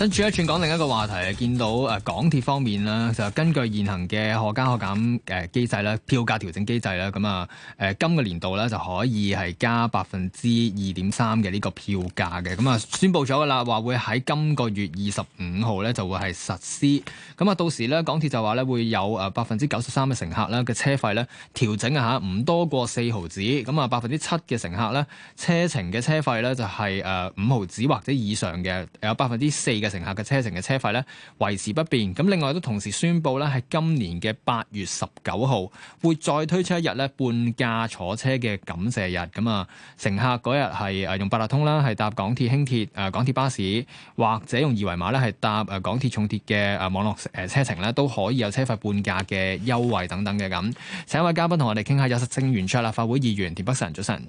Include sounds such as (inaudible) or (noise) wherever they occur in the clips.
跟住一轉講另一個話題啊。見到誒港鐵方面啦，就根據現行嘅可加可減誒機制咧，票價調整機制啦，咁啊誒今個年，年度咧就可以係加百分之二點三嘅呢個票價嘅，咁啊宣布咗噶啦，話會喺今個月二十五號咧就會係實施。咁啊到時咧港鐵就話咧會有誒百分之九十三嘅乘客咧嘅車費咧調整下唔多過四毫子，咁啊百分之七嘅乘客咧車程嘅車費咧就係誒五毫子或者以上嘅，有百分之四嘅。乘客嘅車程嘅車費咧維持不變，咁另外都同時宣布咧，係今年嘅八月十九號會再推出一日咧半價坐車嘅感謝日，咁、嗯、啊乘客嗰日係誒用八達通啦，係搭港鐵輕鐵、誒、呃、港鐵巴士，或者用二維碼咧係搭誒港鐵重鐵嘅誒網絡誒車程咧，都可以有車費半價嘅優惠等等嘅咁。請一位嘉賓同我哋傾下，有實政圓桌立法會議員田北辰，早晨。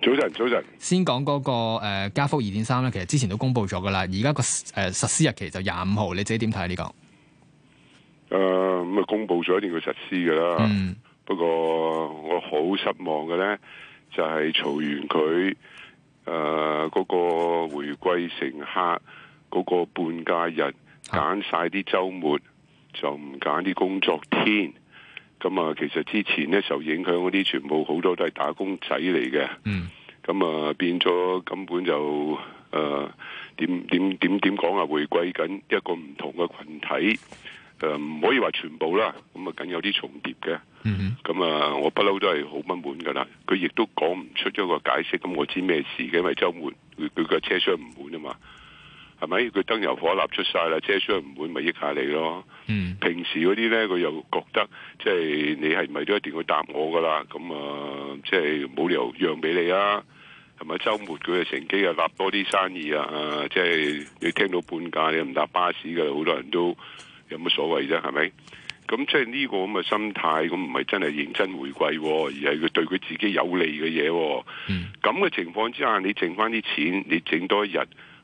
早晨，早晨。先講嗰、那個誒加幅二點三咧，呃、3, 其實之前都公布咗噶啦。而家個誒實施日期就廿五號，你自己點睇呢個？誒，咁啊，公布咗一定要實施噶啦。嗯、不過我好失望嘅咧，就係、是、嘈完佢誒嗰個回歸乘客嗰個半價日揀晒啲周末，就唔揀啲工作天。嗯。咁啊，其實之前咧受影響嗰啲，全部好多都係打工仔嚟嘅。嗯、mm，咁、hmm. 啊變咗根本就誒、呃、點點點點講啊，回歸緊一個唔同嘅群體。誒、呃、唔可以話全部啦，咁啊梗有啲重疊嘅。咁啊、mm hmm. 我不嬲都係好不滿噶啦。佢亦都講唔出咗個解釋，咁我知咩事嘅，因為周末佢佢個車廂唔滿啊嘛。係咪佢燈油火蠟出晒啦？車廂唔會咪益下你咯？嗯、平時嗰啲咧，佢又覺得即係、就是、你係咪都一定要搭我噶啦？咁啊，即係冇理由讓俾你啊？係咪週末佢嘅乘機啊立多啲生意啊？即、啊、係、就是、你聽到半價，你唔搭巴士嘅好多人都有乜所謂啫？係咪？咁即係呢個咁嘅心態，咁唔係真係認真回饋、哦，而係佢對佢自己有利嘅嘢、哦。咁嘅、嗯、情況之下，你剩翻啲錢，你整多一日。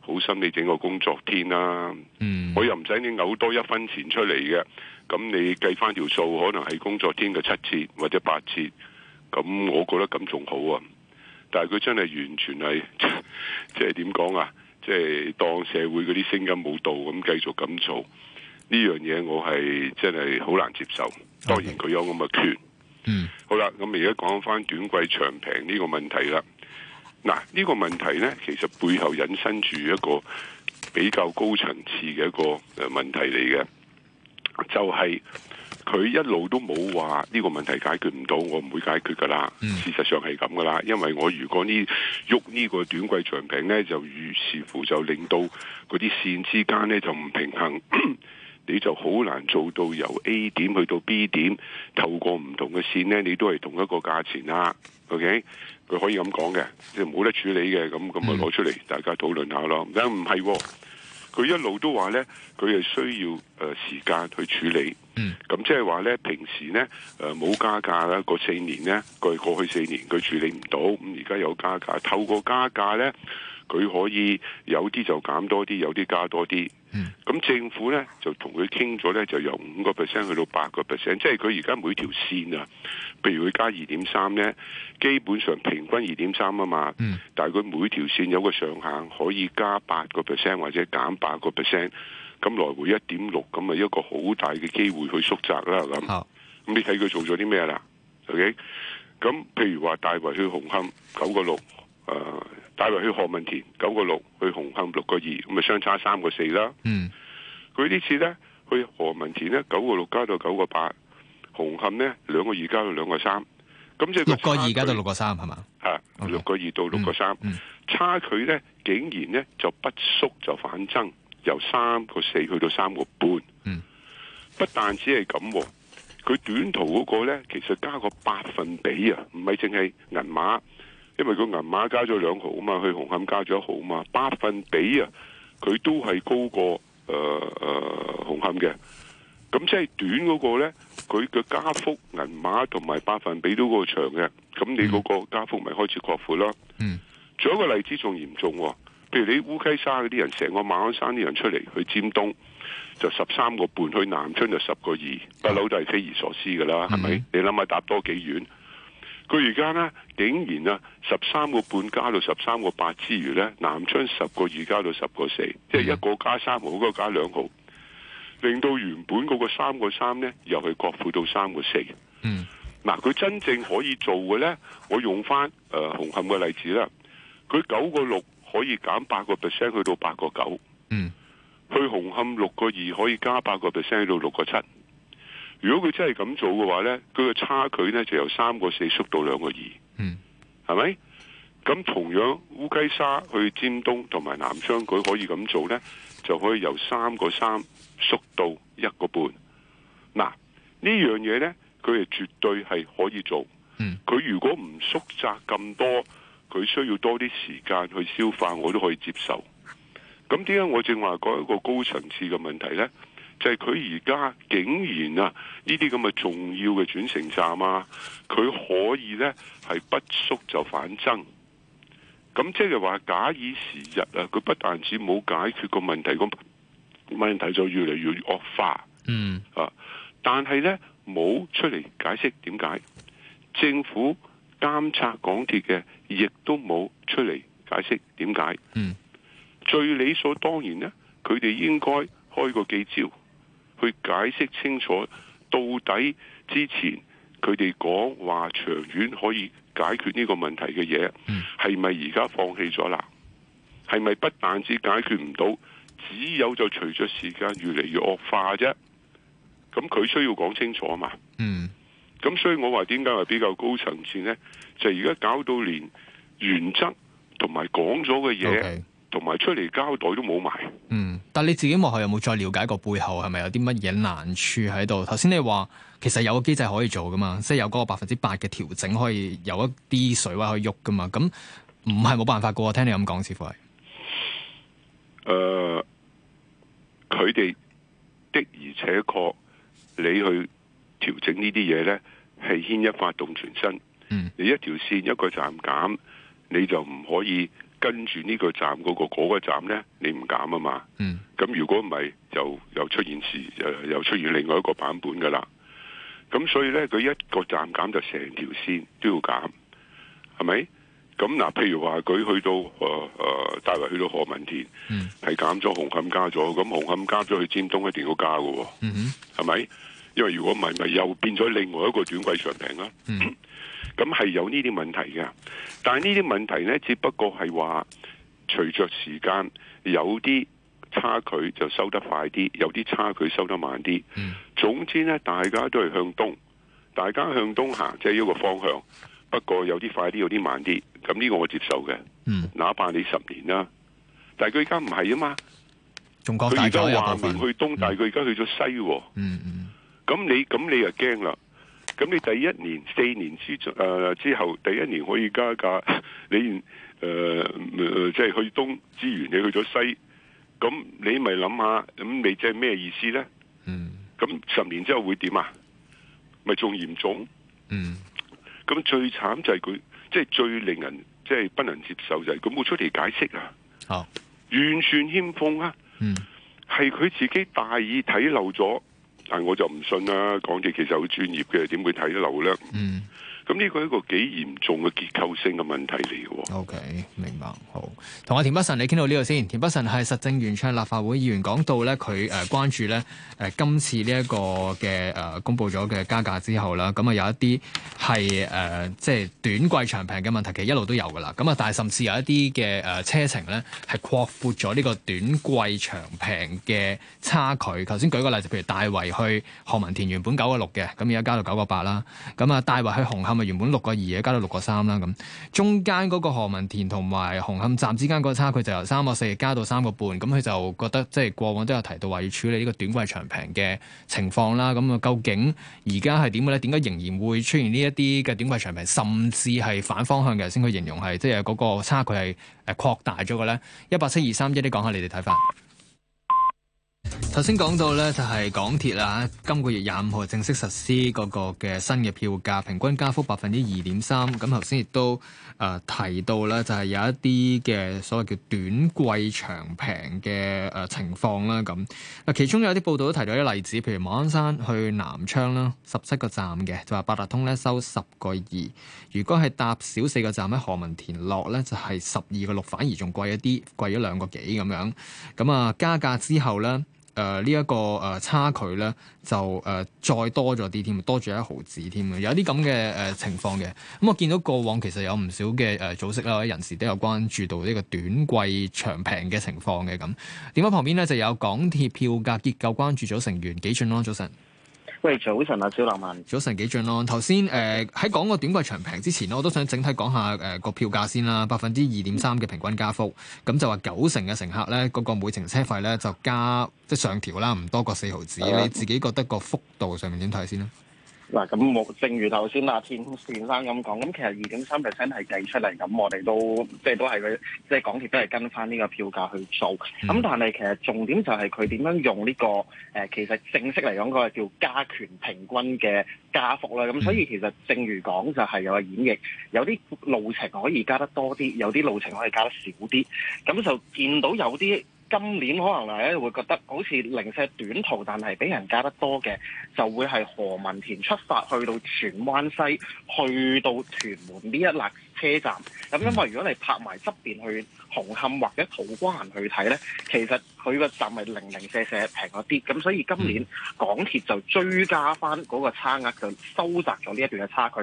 好心你整個工作天啦、啊，嗯、我又唔使你嘔多一分錢出嚟嘅。咁你計翻條數，可能係工作天嘅七折或者八折，咁我覺得咁仲好啊。但係佢真係完全係，即係點講啊？即係當社會嗰啲聲音冇到，咁繼續咁做呢樣嘢，我係真係好難接受。當然佢有咁嘅權。嗯，好啦，咁而家講翻短貴長平呢個問題啦。嗱，呢個問題呢，其實背後引申住一個比較高層次嘅一個誒問題嚟嘅，就係佢一路都冇話呢個問題解決唔到，我唔會解決噶啦。事實上係咁噶啦，因為我如果呢喐呢個短貴長平呢，就於是乎就令到嗰啲線之間呢就唔平衡， (coughs) 你就好難做到由 A 點去到 B 點，透過唔同嘅線呢，你都係同一個價錢啦。OK。佢可以咁講嘅，即係冇得處理嘅，咁咁咪攞出嚟大家討論下咯。但唔係，佢一路都話咧，佢係需要誒、呃、時間去處理。嗯，咁即係話咧，平時咧誒冇加價啦，個四年咧，佢過去四年佢處理唔到，咁而家有加價，透過加價咧，佢可以有啲就減多啲，有啲加多啲。咁、嗯、政府咧就同佢傾咗咧，就由五個 percent 去到八個 percent，即係佢而家每條線啊，譬如佢加二點三咧，基本上平均二點三啊嘛，嗯、但係佢每條線有個上限，可以加八個 percent 或者減八個 percent，咁來回一點六，咁咪一個好大嘅機會去縮窄啦咁。咁好你睇佢做咗啲咩啦？OK，咁譬如話大圍去紅磡九個六，誒、呃。帶埋去何文田九個六，去紅磡六個二，咁咪相差三個四啦。嗯，佢呢次咧去何文田咧九個六加到九個八，紅磡咧兩個二加到兩個三，咁即係六個二加到六個三係嘛？係，六個二到六個三，差距咧竟然咧就不縮就反增， (music) 由三個四去到三個半。嗯，不但只係咁，佢短途嗰個咧，其實加個百分比啊，唔係淨係銀碼。因為個銀碼加咗兩毫啊嘛，去紅磡加咗一毫啊嘛，百分比啊，佢都係高過誒誒、呃呃、紅磡嘅。咁即係短嗰個咧，佢嘅加幅銀碼同埋百分比都過長嘅。咁你嗰個加幅咪開始擴闊咯？嗯。仲有一個例子仲嚴重，哦，譬如你烏溪沙嗰啲人，成個馬鞍山啲人出嚟去尖東，就十三個半，去南昌就十個二，不老就係匪夷所思噶啦，係咪？你諗下搭多幾遠？佢而家呢，竟然啊十三個半加到十三個八之餘呢，南昌十個二加到十個四，即係一個加三毫，一個加兩毫，令到原本嗰個三個三呢，又去擴闊到三個四。嗯，嗱，佢真正可以做嘅呢，我用翻誒、呃、紅磡嘅例子啦，佢九個六可以減八個 percent 去到八個九，嗯，去紅磡六個二可以加八個 percent 去到六個七。如果佢真係咁做嘅話呢，佢個差距呢就由三個四縮到兩個二，嗯，係咪？咁同樣烏溪沙去尖東同埋南昌，佢可以咁做呢，就可以由三個三縮到一個半。嗱，呢樣嘢呢，佢係絕對係可以做。佢、嗯、如果唔縮窄咁多，佢需要多啲時間去消化，我都可以接受。咁點解我正話講一個高層次嘅問題呢？就係佢而家竟然啊，呢啲咁嘅重要嘅轉乘站啊，佢可以呢係不縮就反增，咁即係話假以時日啊，佢不但止冇解決個問題，個問題就越嚟越惡化。嗯。啊，但係呢，冇出嚟解釋點解，政府監察港鐵嘅亦都冇出嚟解釋點解。嗯。最理所當然呢，佢哋應該開個記招。去解釋清楚到底之前佢哋講話長遠可以解決呢個問題嘅嘢，係咪而家放棄咗啦？係咪不，不但止解決唔到，只有就隨著時間越嚟越惡化啫？咁佢需要講清楚啊嘛。嗯，咁所以我話點解話比較高層次呢？就而家搞到連原則同埋講咗嘅嘢。Okay. 同埋出嚟交代都冇埋。嗯，但係你自己幕後有冇再了解過背後係咪有啲乜嘢難處喺度？頭先你話其實有個機制可以做噶嘛，即係有嗰個百分之八嘅調整可以有一啲水位可以喐噶嘛。咁唔係冇辦法噶，聽你咁講，似乎係。誒、呃，佢哋的而且確你去調整呢啲嘢咧，係牽一髮動全身。嗯，你一條綫一個站減，你就唔可以。跟住呢個站嗰、那個、那個站呢，你唔減啊嘛，咁如果唔係，就又，又出現事，又又出現另外一個版本噶啦。咁所以呢，佢一個站減就成條線都要減，係咪？咁嗱，譬如話佢去到誒誒，大圍、呃呃、去到何文田，係、嗯、減咗紅磡加咗，咁紅磡加咗去尖東一定要加噶、哦，係咪、嗯哼？因為如果唔係，咪又變咗另外一個短貴長平啦。嗯。咁係有呢啲問題嘅，但係呢啲問題呢，只不過係話隨着時間有啲差距就收得快啲，有啲差距收得慢啲。嗯、總之呢，大家都係向東，大家向東行，即係一個方向。不過有啲快啲，有啲慢啲。咁呢個我接受嘅。嗯、哪怕你十年啦、啊，但係佢而家唔係啊嘛，佢而家話明去東，嗯、但係佢而家去咗西、啊。嗯嗯，咁你咁你又驚啦？咁你第一年四年之誒、呃、之後，第一年可以加價，你誒即係去東資源，你去咗西，咁你咪諗下，咁你即係咩意思咧？嗯，咁十年之後會點啊？咪仲嚴重？嗯，咁最慘就係佢，即、就、係、是、最令人即係、就是、不能接受就係，咁、哦。冇出嚟解釋啊！完全欠奉啊！嗯，係佢自己大意睇漏咗。但我就唔信啦，港鐵其實好專業嘅，點會睇得流量？嗯咁呢個一個幾嚴重嘅結構性嘅問題嚟嘅。O、okay, K，明白。好，同阿田北辰你傾到呢度先。田北辰係實政圓桌立法會議員，講到咧佢誒關注咧誒、呃、今次呢一個嘅誒、呃、公佈咗嘅加價之後啦，咁啊有一啲係誒即係短貴長平嘅問題，其實一路都有嘅啦。咁啊，但係甚至有一啲嘅誒車程咧係擴闊咗呢個短貴長平嘅差距。頭先舉個例子，譬如大圍去何文田原本九個六嘅，咁而家加到九個八啦。咁啊，大圍去紅磡。咁啊，原本六個二嘅加到六個三啦，咁中間嗰個何文田同埋紅磡站之間個差距就由三個四加到三個半，咁佢就覺得即係過往都有提到話要處理呢個短貴長平嘅情況啦。咁啊，究竟而家係點嘅咧？點解仍然會出現呢一啲嘅短貴長平，甚至係反方向嘅先？佢形容係即係嗰個差距係誒擴大咗嘅咧。2, 3, 1, 一八七二三一，啲講下你哋睇法。頭先講到咧，就係港鐵啦。今個月廿五號正式實施嗰個嘅新嘅票價，平均加幅百分之二點三。咁頭先亦都誒提到咧，就係有一啲嘅所謂叫短貴長平嘅誒情況啦。咁嗱，其中有啲報道都提到啲例子，譬如馬鞍山去南昌啦，十七個站嘅，就話八達通咧收十個二。如果係搭少四個站喺何文田落咧，就係十二個六，反而仲貴一啲，貴咗兩個幾咁樣。咁啊，加價之後咧。誒呢一個誒、呃、差距咧，就誒、呃、再多咗啲添，多咗一毫子添，子有啲咁嘅誒情況嘅。咁、嗯、我見到過往其實有唔少嘅誒、呃、組織啦，或者人士都有關注到呢個短貴長平嘅情況嘅咁。點解？旁邊咧就有港鐵票價結構關注組成員紀俊安啦，早晨。喂，早晨啊，小林文。早晨幾，紀俊安？頭先誒喺講個短貴長平之前咧，我都想整體講下誒個、呃、票價先啦。百分之二點三嘅平均加幅，咁就話九成嘅乘客呢，嗰個每程車費呢，就加即係上調啦，唔多過四毫紙。的你自己覺得個幅度上面點睇先咧？嗱，咁我正如頭先啊田先生咁講，咁其實二點三 percent 係計出嚟，咁我哋都即係都係佢，即係港鐵都係跟翻呢個票價去做，咁、嗯、但係其實重點就係佢點樣用呢、這個誒、呃，其實正式嚟講，佢係叫加權平均嘅加幅啦，咁、嗯、所以其實正如講就係有個演繹，有啲路程可以加得多啲，有啲路程可以加得少啲，咁就見到有啲。今年可能大家會覺得好似零舍短途，但係俾人加得多嘅，就會係何文田出發去到荃灣西，去到屯門呢一列。車站咁，因為如果你拍埋側邊去紅磡或者土瓜灣去睇咧，其實佢個站係零零舍舍平一啲。咁所以今年港鐵就追加翻嗰個差額，就收窄咗呢一段嘅差距。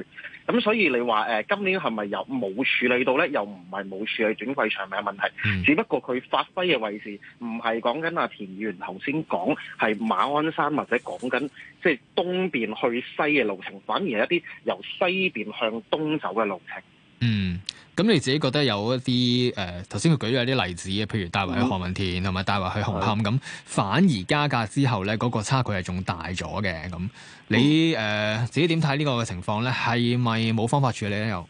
咁所以你話，誒今年係咪又冇處理到咧？又唔係冇處理短貴長平嘅問題，嗯、只不過佢發揮嘅位置唔係講緊阿田議員頭先講係馬鞍山或者講緊，即係東邊去西嘅路程，反而係一啲由西邊向東走嘅路程。嗯，咁你自己覺得有一啲誒，頭先佢舉咗一啲例子嘅，譬如大圍去何文田同埋大圍去紅磡咁，的反而加價之後咧，嗰、那個差距係仲大咗嘅。咁你誒、嗯呃、自己點睇呢個嘅情況咧？係咪冇方法處理咧？又？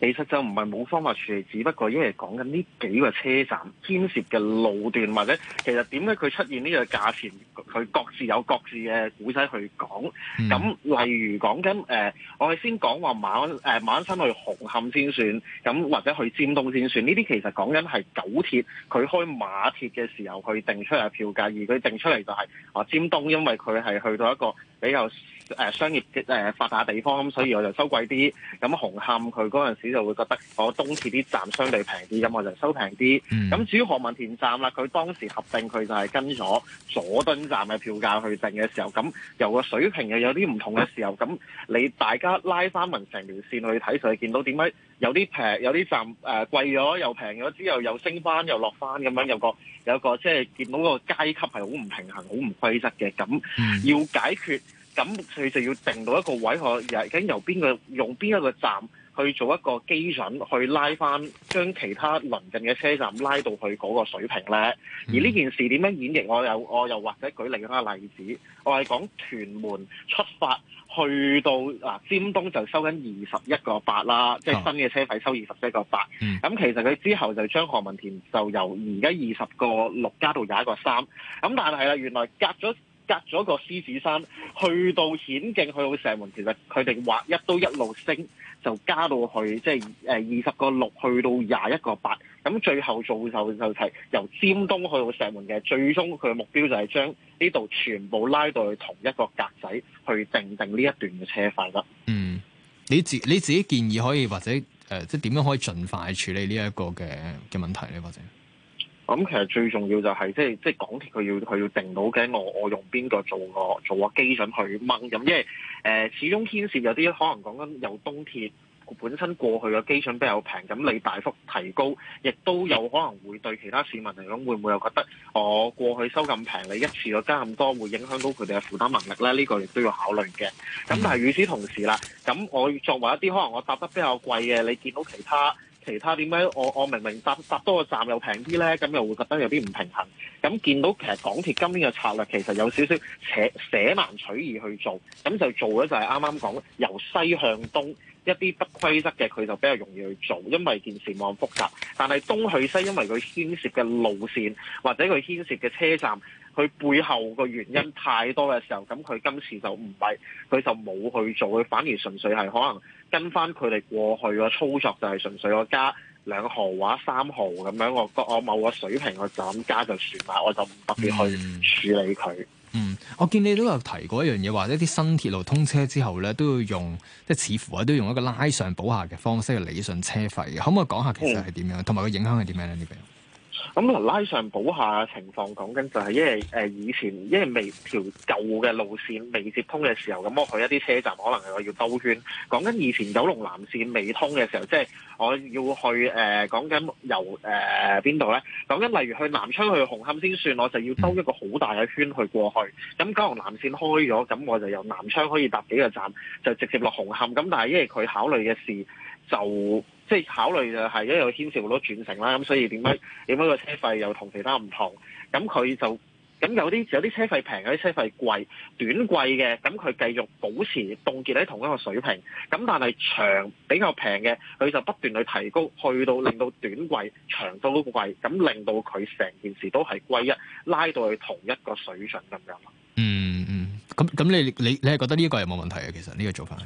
其實就唔係冇方法處理，只不過因為講緊呢幾個車站牽涉嘅路段，或者其實點解佢出現呢個價錢，佢各自有各自嘅古仔去講。咁例如講緊誒，我哋先講話馬誒、呃、馬鞍山去紅磡先算，咁或者去尖東先算。呢啲其實講緊係九鐵佢開馬鐵嘅時候佢定出嚟嘅票價，而佢定出嚟就係、是、啊尖東，因為佢係去到一個。比較誒商業嘅誒、呃、發達地方咁，所以我就收貴啲。咁紅磡佢嗰陣時就會覺得我東鐵啲站相對平啲，咁我就收平啲。咁、mm. 至於何文田站啦，佢當時核定佢就係跟咗佐敦站嘅票價去定嘅時候，咁由個水平又有啲唔同嘅時候，咁你大家拉翻埋成條線去睇，就見到點解。有啲平，有啲站誒、呃、貴咗，又平咗，之後又升翻，又落翻咁樣，有個有一個即係見到個階級係好唔平衡，好唔規則嘅，咁、嗯、要解決，咁佢就要定到一個位，可究竟由邊個用邊一個站？去做一個基準去拉翻將其他鄰近嘅車站拉到去嗰個水平呢。而呢件事點樣演繹？我又我又或者舉另一個例子，我係講屯門出發去到嗱尖東就收緊二十一個八啦，即係新嘅車費收二十一個八。咁其實佢之後就將何文田就由而家二十個六加到廿一個三，咁但係啊，原來隔咗。隔咗個獅子山，去到顯徑，去到石門，其實佢哋話一都一路升，就加到去即係誒二十個六，去、就是、到廿一個八，咁最後做就就係由尖東去到石門嘅，最終佢嘅目標就係將呢度全部拉到去同一個格仔，去定定呢一段嘅車費啦。嗯，你自你自己建議可以或者誒、呃，即係點樣可以盡快處理呢一個嘅嘅問題咧，或者？咁其實最重要就係即係即係港鐵佢要佢要定到嘅，我我用邊個做個做個基準去掹咁，因為誒、呃、始終牽涉有啲可能講緊有東鐵本身過去嘅基準比較平，咁你大幅提高，亦都有可能會對其他市民嚟講會唔會又覺得我、哦、過去收咁平，你一次過加咁多，會影響到佢哋嘅負擔能力咧？呢、這個亦都要考慮嘅。咁但係與此同時啦，咁我作為一啲可能我搭得比較貴嘅，你見到其他。其他點解我我明明搭搭多個站又平啲呢？咁又會覺得有啲唔平衡。咁見到其實港鐵今年嘅策略其實有少少捨捨難取易去做，咁就做咗，就係啱啱講由西向東一啲不規則嘅佢就比較容易去做，因為件事冇咁複雜。但係東去西因為佢牽涉嘅路線或者佢牽涉嘅車站，佢背後個原因太多嘅時候，咁佢今次就唔係佢就冇去做，佢反而純粹係可能跟翻佢哋過去嘅操作，就係純粹我加兩號或三號兩毫或三毫咁樣，我個我某個水平我就咁加就算喇，我就唔特別去處理佢。嗯。嗯，我見你都有提過一樣嘢，話一啲新鐵路通車之後咧，都要用即係似乎都要用一個拉上補下嘅方式去理順車費嘅，可唔可以講下其實係點樣，同埋個影響係點樣咧呢個？咁嗱、嗯、拉上補下情況講緊就係、是、因為誒、呃、以前因為未條舊嘅路線未接通嘅時候，咁我去一啲車站可能係我要兜圈。講緊以前九龍南線未通嘅時候，即、就、係、是、我要去誒講緊由誒邊度咧？講、呃、緊例如去南昌去紅磡先算，我就要兜一個好大嘅圈去過去。咁九龍南線開咗，咁我就由南昌可以搭幾個站就直接落紅磡。咁但係因為佢考慮嘅事就。即係考慮就係因為牽涉好多轉乘啦，咁所以點解點解個車費又同其他唔同？咁佢就咁有啲有啲車費平，有啲車費貴，短貴嘅，咁佢繼續保持凍結喺同一個水平。咁但係長比較平嘅，佢就不斷去提高，去到令到短貴長都貴，咁令到佢成件事都係歸一，拉到去同一個水準咁樣咯。嗯，嗯嗯，咁咁你你你係覺得呢個有冇問題啊？其實呢個做法？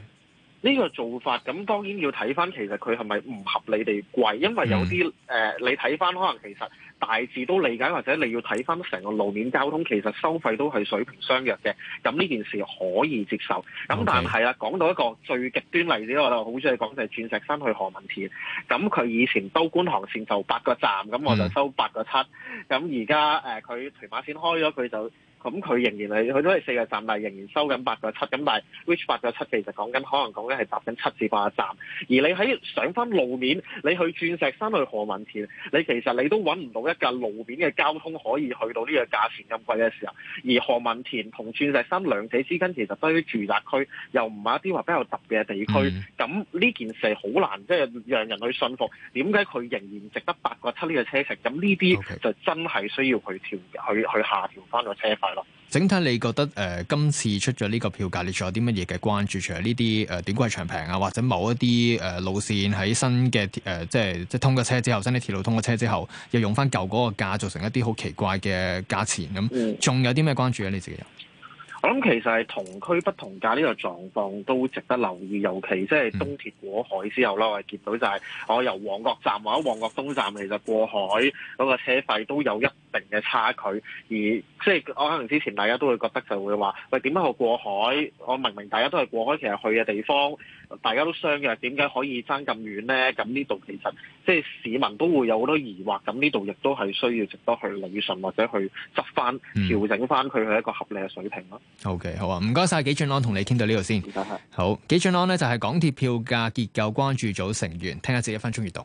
呢個做法咁當然要睇翻，其實佢係咪唔合理地貴？因為有啲誒、嗯呃，你睇翻可能其實大致都理解，或者你要睇翻成個路面交通，其實收費都係水平相若嘅。咁呢件事可以接受。咁但係啊，講 Okay. 到一個最極端例子，我講就好中意講就係鑽石山去何文田。咁佢以前都觀塘線就八個站，咁我就收八個七、嗯。咁而家誒，佢、呃、屯馬線開咗，佢就～咁佢仍然係，佢都係四個站，但係仍然收緊八個七。咁但係，which 八個七其實講緊，可能講緊係搭緊七至八個站。而你喺上翻路面，你去鑽石山去何文田，你其實你都揾唔到一架路面嘅交通可以去到呢個價錢咁貴嘅時候。而何文田同鑽石山兩者之間，其實都係住宅區，又唔係一啲話比較特別嘅地區。咁呢、嗯、件事好難，即係讓人去信服。點解佢仍然值得八個七呢個車程？咁呢啲就真係需要去調，去去下調翻個車費。整體你覺得誒、呃、今次出咗呢個票價，你仲有啲乜嘢嘅關注？除咗呢啲誒短貴長平啊，或者某一啲誒、呃、路線喺新嘅誒、呃，即係即係通咗車之後，新啲鐵路通咗車之後，又用翻舊嗰個價造成一啲好奇怪嘅價錢咁，仲、嗯、有啲咩關注咧？你自己有？我諗其實係同區不同價呢個狀況都值得留意，尤其即係東鐵過海之後啦，我見到就係、是、我由旺角站或者旺角東站，其實過海嗰個車費都有一定嘅差距，而即係我可能之前大家都會覺得就會話喂，點解我過海，我明明大家都係過海，其實去嘅地方。大家都相約，點解可以爭咁遠呢？咁呢度其實即係市民都會有好多疑惑，咁呢度亦都係需要值得去理順或者去執翻調整翻佢嘅一個合理嘅水平咯、嗯。OK，好啊，唔該晒。紀俊安同你傾到呢度先。好，紀俊安呢就係、是、港鐵票價結構關注組成員，聽一節一分鐘閲讀。